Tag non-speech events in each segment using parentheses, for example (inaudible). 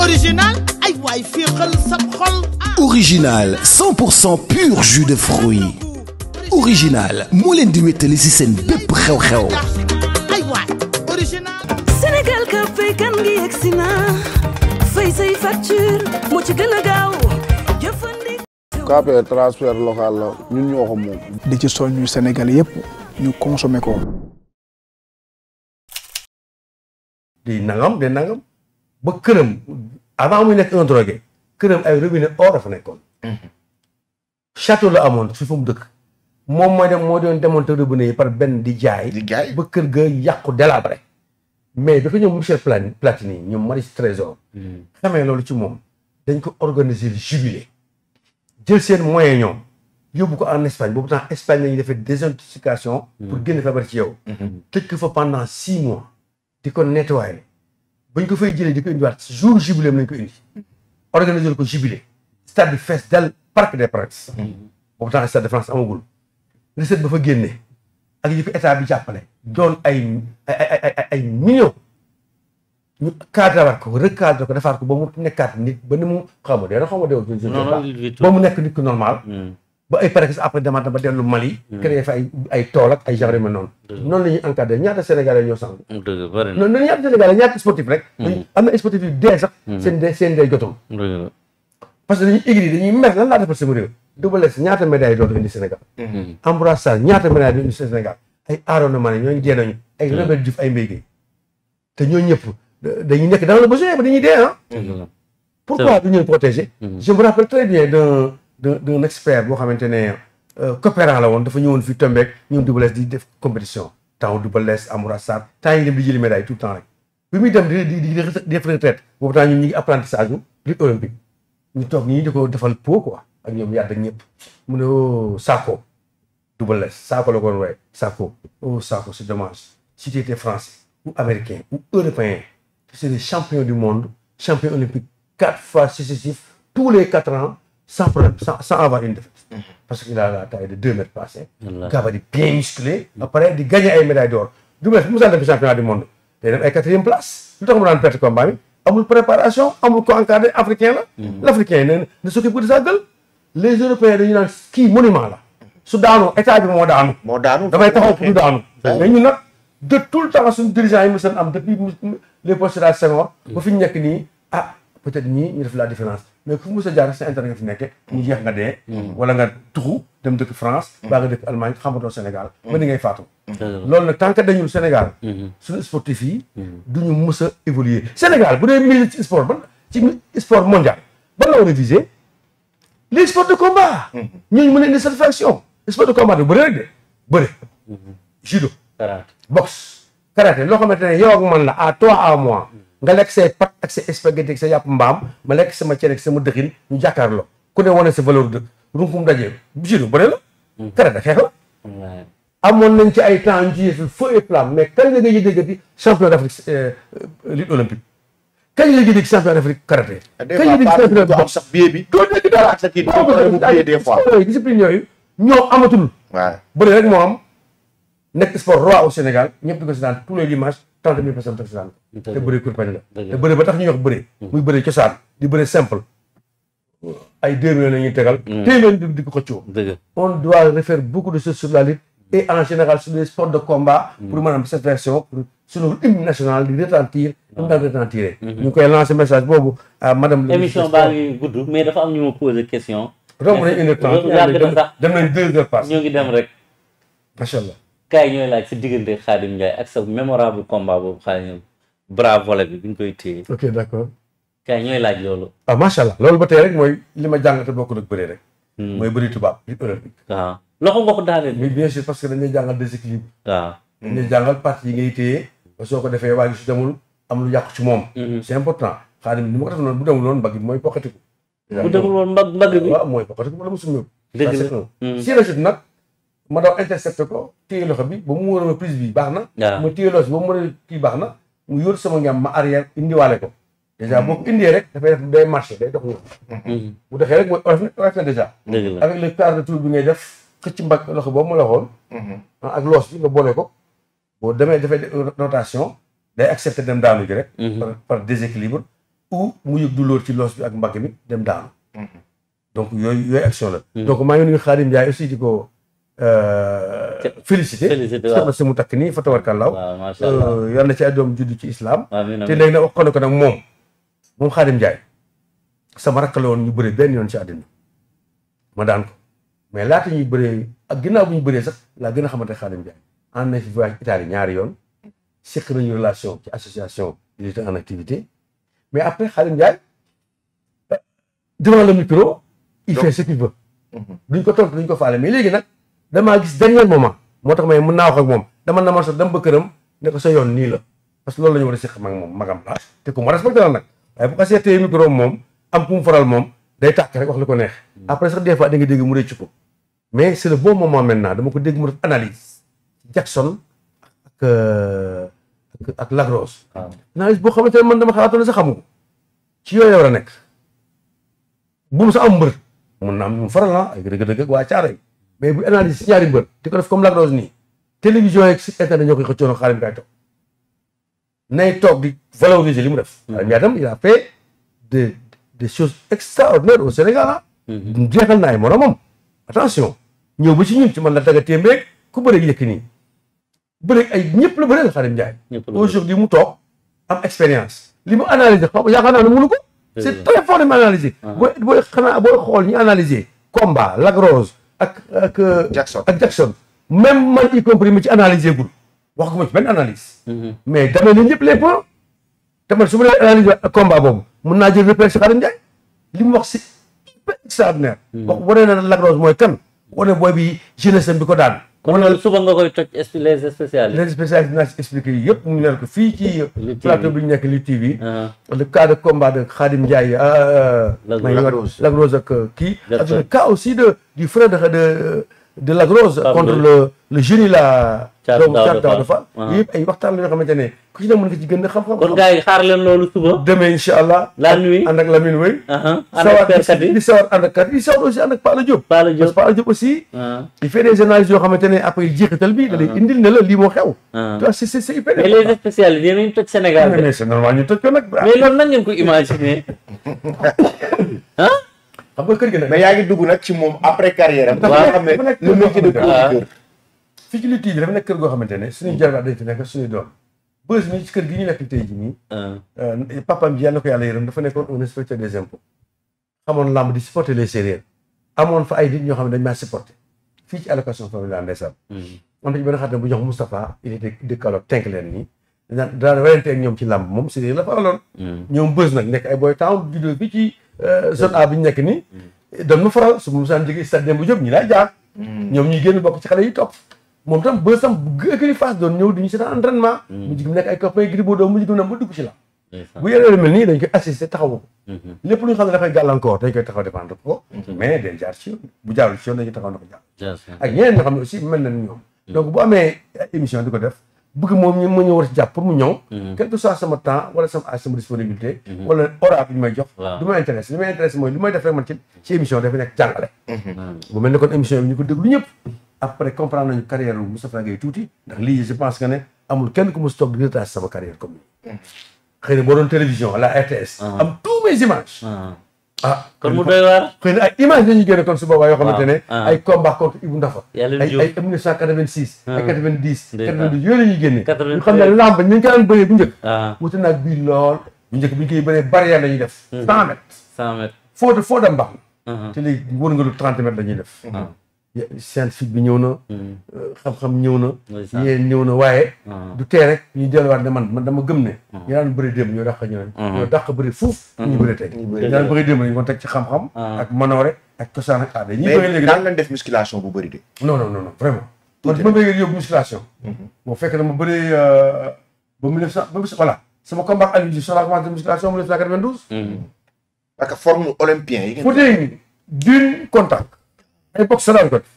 original ay waay féexal sam xol. original 100 pour cent pur jus de fruits original moo leen di wéttali seen bépp xew-xew. Sénégal ka fay kan ngi yegg si say facture moo ci gën a gaaw jëfandikoo. KPR transfert local la ñun ko moom. di ci soññu Sénégal yépp ñu consommer ko. ba këram avant muy nekk un drogué këram ay robinet or dafa nekkoon. Mhm. la amoon ci dëkk. moom mooy dem moo doon démonter robinet yi par benn di jaay. di jaay ba kër ga yàqu délabré. mais dafa ñë monsieur Platini Platini ñu Maris Trésor. Mhm. xamee loolu ci moom. dañ ko organiser jubilé. jël seen moyen ñoom. yóbbu ko en Espagne boobu temps Espagne la ñuy defee désintoxication. pour mhm. génn feebar ci yow. tëj ko fa pendant six mois. di ko nettoyer. bañ ko fay jëlee di ko indiwaat jour jubilé lañ ko indi. organiser ko jubilé. stade bi fees dal parc des princes. Mm-hmm. boobu tax stade de France amagul. recette ba fa génne. ak yi ko état bi jàppale. doon ay ay ay ay millions. ñu ko recadre ko defaat ko ba mu nekkaat nit ba ni mu xaw ma dee xaw ma dee ba mu nekk nit ku normal. Mm. ba ay parax après demaat na ba dellu Mali. Hmm. créé fa ay ay tool ak ay genre yu mel noonu. noonu la ñuy encadré ñaata Sénégalais ñoo sànq. dëgg la noonu ñaata Sénégalais ñaata sportif rek. Hmm. am na sportif yu dee sax. Hmm. seen dee seen dee jotul. parce que dañuy aigri dañuy mer lan laa defal sama réew. Double Less ñaata médaille dootu ay Arona Mané ñooñu ay Rebelle Diouf ay Mbaye Guèye te ñoo ñëpp dañuy nekk le besoin ba dañuy dee ah. pourquoi du ñuy je me rappelle très bien d'un d'un expert boo xamante ne euh, coopérant la woon dafa ñëwoon fii tombeek ñoom Double Less di def compétition temps Double Less Amoura Sarr temps yi dem di jëli médaille tout le temps rek bi muy dem di di def retraite boobu temps ñun ñu ngi apprentissage u lutte olympique ñu toog ñii di ko defal po quoi ak ñoom yàdd ak ñëpp mu ne oh Sakho Double Less Sakho la ko doon waaye Sakho oh Sakho c'est si tu étais français ou américain ou européen tu serais champion du monde champion olympique quatre fois les quatre ans sans problème sans sans une a de deux mètres passés. bien musclé. ba di gagné ay médailles d'or. du mel mu saan def championnat du monde day dem ay quatrième place lu tax mu daan perte amul préparation amul ko africain la. Mhm. l' africain ne ne s'occupe que sa gueule. les européens dañu naan kii monument la. su daanu état bi moo daanu. moo daanu de tout le temps suñu dirigeant yi mu seen am depuis les postes de Senghor. ba fi nekk nii ah, mais fu mu sa jaar sa intérêt nga fi nekke mu mm. jeex nga dee mm. wala nga tuxu dem dëkk France mm. baa nga dëkk Allemagne xamatoo Sénégal ba ni ngay faatu loolu nag tant que dañul Sénégal mm-hmm. suñu sportif yi mm-hmm. duñu mës a évoluer Sénégal bu dee mise ci sport ban ci sport mondial ban la war a viser les de combat mm-hmm. ñooñu mën a indi satisfaction sport de combat de bëre rek de judo boxe karaté loo xamante ne yow ak man la à toi à mois nga lekk say pat ak sa spaghetti ak sa yàpp mbaam ma lekk sama cere ak sama dëxin ñu jàkkaarloo ku ne wane sa valeur dëkk runkum dajee jino bëre la kare da la amoon nañ ci ay temps ci yëful feu et flamme mais kañ la nga ji déggati champion d'Afrique lutte la nga dégg champion d'Afrique la dégg champion d'Afrique sax biee bi doo dégg dara ñoo amatul bëri rek moo nekk sport roi au Sénégal ñëpp di ko seetaan tous les dimanches trente mille personnes di ko seetaan te bëri kurpañ la te bëri ba tax ñuy wax bëri hmm. muy bëri cosaan di bëri simple ay deux millions la ñuy tegal téeméer hmm. di di ko xëccoo on doit refaire beaucoup de choses sur la lutte et en général sur les sports de combat hmm. pour maanaam satisfaction pour sunu hymne national di retentir am ah. daal retentir ñu ngi koy lancer message boobu à madame émission baa ngi gudd mais dafa am ñu ma poser question romb nañ une heure temps dem nañ deux heures pass ñoo ngi dem rek macha allah gars yi ñooy laaj sa diggante Khadim Ndiaye ak sa mémorable combat boobu Khadim bras volet bi bi koy téye. ok d' accord. ñooy laaj loolu. ah macha allah loolu ba tey rek mooy li ma jàngate bokkul ak bëree rek. Hmm. mooy bëri tubaab li olympique. waaw loxo nga ko daaneel. mais bien sûr parce que dañuy jàngal déséquilibre. waaw ah. dañuy jàngal partie yi ngay téye. ba soo ko defee waa gi su demul am lu yàqu ci moom. Hmm. c' est important ko bu demul woon mbagg bi mooy poqatiku. bu demul woon mbagg mbagg bi mooy poqatiku wala mu summeeku. dëgg la ma daw intercepté ko téye loxo bi ba mu wóoroo prise bi baax na. ma téye loxo bi ba mu wóoroo kii baax sama ngam ma arrière indiwaale ko. dèjà boo ko indee rek dafay def day marché day dox ñoom. Mm-hmm. bu doxee rek mooy oyof oyof na dèjà. avec bi ngay def xëcc mbag loxo boobu ma la waxoon. Mm-hmm. ak loos bi nga boole ko. boo demee dafay rotation day accepté dem daanu ji rek. Mm-hmm. par déséquilibre ou mu yëg douleur ci loos bi ak mbagg bi dem daanu. donc yooyu yooyu action la. donc maa ngi nuyu Xaadim Njaay aussi di ko. Euh, félicité soxna si mu takk nii fa tabarkallaaw euh, yal na ci ay doom judd ci islam te léegi nag wax ko ko nag moom moom Xaadim Njaay sama rakk la woon ñu bëree benn yoon ci àddina ma daan ko mais laata ñuy bëree ak ginnaaw bu ñu bëree sax laa gën a xamante Xaadim Njaay ànd na fi voyage Italie ñaari yoon seq nañu relation ci association militaire en activité mais après Xaadim Njaay euh, devant le micro il fait ce qu'il veut mhm. duñ ko tontu duñ ko faale mais léegi nag damaa gis dernier moment moo tax may mën naa wax ak moom dama na man sax dem ba këram ne yoon nii la parce que loolu la ñu war a séq mag moom moom am ku mu faral moom day tàkk rek wax li ko neex après sax des fois da dégg mu réccu ko mais c'est le bon moment maintenant dama ko dégg mu def analyse Jackson ak euh, ak Lagros ah. analyse boo xamante ne man dama xalaatoon sax xamu ko ci yooyu war a nekk bu mu sa am mbër mun naa am faral na ay dëgg-dëgg ak waa caaro mais bu analyse si ñaari mbër di ko def comme Lac Rose nii télévision yeeg site internet ñoo koy toog nay toog di valoriser li mu def. xaaral hmm. mi itam il a fait des des choses extraordinaires au Sénégal ah. Hmm. jeexal naa ay moromam attention ñëw ba ci ñun ci man la tagga téem rek ku bëreeg yëkk nii bëreeg ay ñëpp la bëreel Xaadim aujourd'hui mu toog am expérience li mu analyser xaw yaakaar naa ne mënu ko hmm. c'est très fort de mu analyser ah. booy booy xanaa booy xool ñu analyser combat Lac ak ak. Euh, Jackson ak Jackson. même man y compris ci analyser gul wax ko ma ci benn analyse. Mm-hmm. mais damay ne ñëpp les points. te man su ma nee analyse combat boobu mun naa jël repère si Xaadim Njaay li mu wax si hyper extraordinaire. Mm-hmm. wax wane na Lac mooy kan wane booy bi jeunesse bi ko daan. kon loolu suba nga koy toj les spécialistes les spécialistes naa si expliqué yi yëpp ñu leen ko fii ci plateau bi ñu nekk li TV uh-huh. le cas de combat de Khadim Ndiaye euh, euh, Lac Rose Lac Rose ak euh, kii ak le cas aussi de du frère de de la grosse contre le génie la. doomu Thiatou Daouda Fall waxtaan la yoo xamante ne ku ci ne mën nga ci gën a xam-xam. kon gars xaar leen loolu suba. demee incha allah. la nuit ànd ak Lamine Wéy. Uh-huh. ànd di sawar ànd ak kat sawar aussi Paala Diop. Paala Diop aussi. Uh-huh. il fait des analyses yoo xamante ne après jeexital bi. da lay uh-huh. indil ne la lii moo xew. tu vois c' est c' est hyper. mais les spécialistes yéen Sénégal. mais ko nag. mais nan ngeen ko imaginer (laughs) xam nga kër gi goo xamante ne suñuy jarbaat dañ fi nekk suñuy doom. gi ñu nekk tey jii nii. Ah. Euh, papaam ji yàlla ko yàlla yërëm dafa nekkoon un di supporter les séeréer. amoon fa ay nit ñoo xam ne dañ maa supporter. fii ci allocation familiale ndeysaan. Hmm. am na ci bu ñox Moustapha il était de Kaolack tenk ñoom ci làmb moom séeréer la fa aloon. Hmm. ñoom bës nag nekk ay boy town juddoo bi ci Euh, zone A bi ñu nekk nii. dañ ma faral su ma musaan jógee stade Demba Diop ñi laay jaar. ñoom ñuy génn bokk ci xale yi topp. moom tam ba sam gëgëri face doon ñëw di ñu seetaan entraînement. Mm. mujj gi mu nekk ay copain Gris Bordeaux mujj gi mu nekk ba dugg ci la. bu yore mel nii dañ koy assister taxawu ko. Mm-hmm. lépp lu ñu xam ne dafay gàllankoor dañ koy taxaw ko. Mm-hmm. mais day jaar ci yoon bu jaarul ci yoon dañuy xam ne aussi mel na ni ñoom. mee mm. bu émission di ko def. bëgg moom ñu ma ñu war ci jàpp pour mu ñëw mhm. quel que soit sama temps wala sama sama disponibilité mhm. wala horaire bi ñu may jox du ma intéressé li may intéressé mooy li may def rek man ci ci émission dafa nekk jàngale bu mhm. ah. mel ne kon émission bi ñu ko déglu ñëpp après comprendre nañu carrière lu Moustapha Gueye tuuti ndax lii je pense que ne amul kenn ku mos toog di retage sama carrière comme nii xëy na boo doon la RTS ah. am tous mes images ah. ah kon mu doy waar. xëy na ay images la ñuy génne kon su boobaa yoo xamante ne. ay ah. combat contre Ibou Ndafa. yàlla na ay ay 1986. Ah. ay 90. 92 yooyu la ñuy génne. 92 ñu xam ne lamb ñu ngi ko daan bëree bu njëkk. Ah. wute naag bii lool. bu njëkk bi ñu koy bëree barrière la ñuy def. 100 hmm. mètres. 100 mètres foo de foo dem baax. te uh-huh. léegi wër nga lu 30 mètres la ñuy def. scientifique bi ñëw na. Hmm. Euh, xam-xam ñëw na. yéen ñëw na waaye. Ah. du tee rek ñu delluwaat ne man man dama gëm ne. Ah. ñu daan bëri démb ñoo dàq ñëw nañ. Ah. ñoo dàq bëri fuuf. ñu bëri tey ñu daan bëri démb nañ teg ci xam-xam. ak manoore ak cosaan ak aada. ñi bëri léegi daan leen def musculation bu bëri de. non non non vraiment. man ma bëggee yóbbu musculation. Mhm. boo fekk na ma bëree euh, ba mille neuf cent ba voilà sama combat ak Aliou Diouf sama commencé musculation mille neuf cent quatre-vingt-douze. Hmm. ak forme olympien yi. fu dee d'une contact ay boxe daan ko def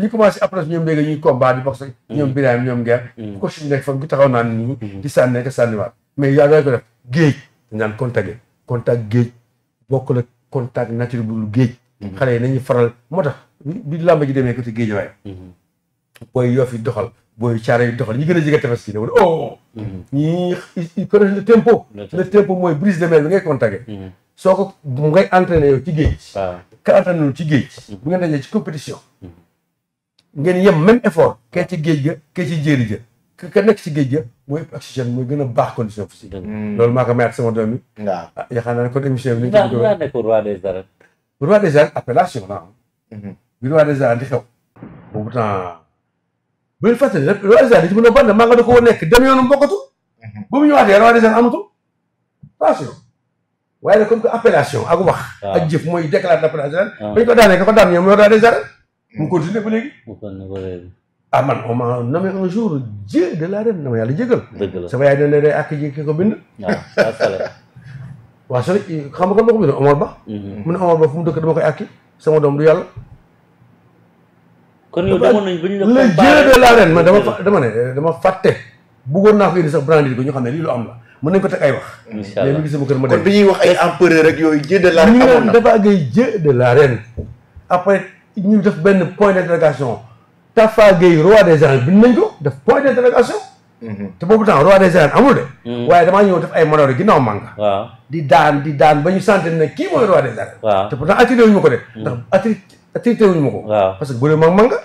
ñu commencé après ñoom léegi ñuy combat di boxe mm. ñoom Birame ñoom Nguer mm. ko suñu nekk fa ku taxaw naan nii mm. di sànni nekk sànniwaat mais yaa daan ko def géej naan contacté contact géej bokk la contact nature bu géej xale yi nañu faral moo tax bi làmb ji demee ko ci géej waaye booy yoo fi doxal booy caare yi doxal ñi gën a jege tefes yi ne wala oh ñi connaissent le tempo le tempo mooy brise de mer bi ngay contacté soo ko mu ngay entraîné yow ci géej gi. Ah. ka entraîné ci géej gi. Mm-hmm. bu ngeen dajee ci compétition. Mm-hmm. ngeen yem même effort. kee ci géej ga kee ci jéeri ja ka ka nekk ci géej ga mooy ëpp oxygène mooy gën a baax condition physique. Mm-hmm. Mm. loolu maa ko mayaat sama doom yi. waaw ah yaakaar naa ne kon émission bi. daal daal nekk roi des arènes. roi di xew. boobu temps bu ñu fàttali rek roi des arènes ci mën a ban maa nga da nekk dem yoonu mbokkatu. bu mu ñëwaatee roi des arènes amatul. attention. waaye comme que appellation ak wax. Ah. ak jëf mooy déclaration d'appellation. waaw man on m'a nommé un jour dieu sama yaay dina ne day àkk ji ki ko ah, ma ko bind mm-hmm. mu ne Omar dama sama doom du yàlla. kon yow demoon nañu ba ñu dama dama ne dama fàtte. buggoon naa ko indi sax brandi ko ñu xam ne lii lu am la. mën nañ ko teg ay wax. incha kon bi ñuy wax ay empereur ak yooyu jeu de l'arène amoon ñu naan après ñu def benn point de Tafa Gueye roi des arènes nañ ko def point d'interrogation. Mhm. te boobu temps roi des arènes amul de. Mhm. waaye damaa ñëw def ay manoore ginnaaw manga. di daan di daan ba ñu sentir na kii mooy roi des arènes. waaw te pourtant attiré wuñu ma ko de. Mhm. ndax attri attiré ma ko. parce que bu dee mag manga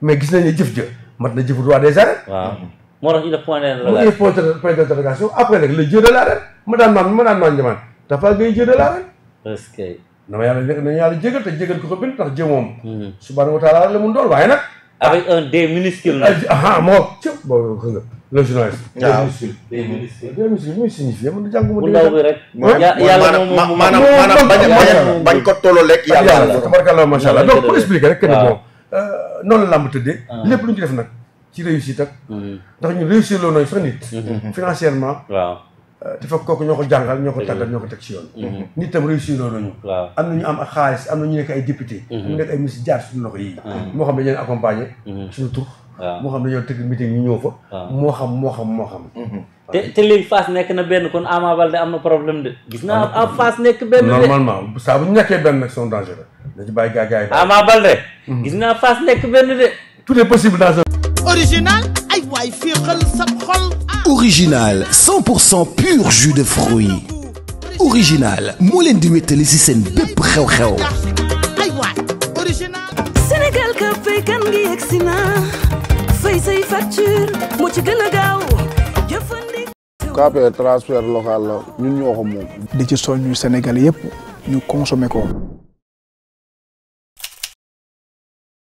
mais gis nañ ne jëf jë mat na jëfu roi des arènes. moo tax ñu def point d'interrogation après nag le jeu de l'arène ma daan naan ma daan naan jamaan dafa ngay jeu de l'arène parce que dama yàlla nekk nañu yàlla jégal te jégal ko ko bind tax jë hmm. la mun doon waaye nag avec un D minuscule ah, ah moo ci boobu xam le journaliste ah, D minuscule D minuscule D minuscule muy signifié man jànguma bu ndaw bi rek yàlla moom maanaam maanaam bañ ko tolloo lekk donc pour expliquer rek que ah. euh, noonu la làmb tëddee lépp lu ñu ci def nag ci réussite ak. Mhm. ndax ñu réussir loo nooy fa nit. Mhm. financièrement. te euh, fekk kooku ñoo ko jàngal ñoo ko tàggal ñoo ko teg ci yoon. Mhm. nit tam réussir loo nañu. waaw am na ñu am ak xaalis am na ñu nekk ay nekk ay ministre jaar suñu loxo yii. moo xam ne dañu accompagner. suñu na benn kon Ama am na problème de. gis naa ah Fass nekk benn de normalement saa bu ñu nekkee benn nag sont dangereux. dañu bàyyi gaa gaa yi. Ama Baldé. gis naa Fass nekk benn de. tout est possible dans original ay waay féexal sa xol. Ah. original 100% pur jus de fruits original moo leen di wéttali si seen bépp xew-xew. ay waay original. Sénégal ka fay kan ngi yegg si na facture moo ci gën a gaaw. KPA transfert local la ñun ñoo ko moom. di ci Sénégal yépp ñu consommer ko.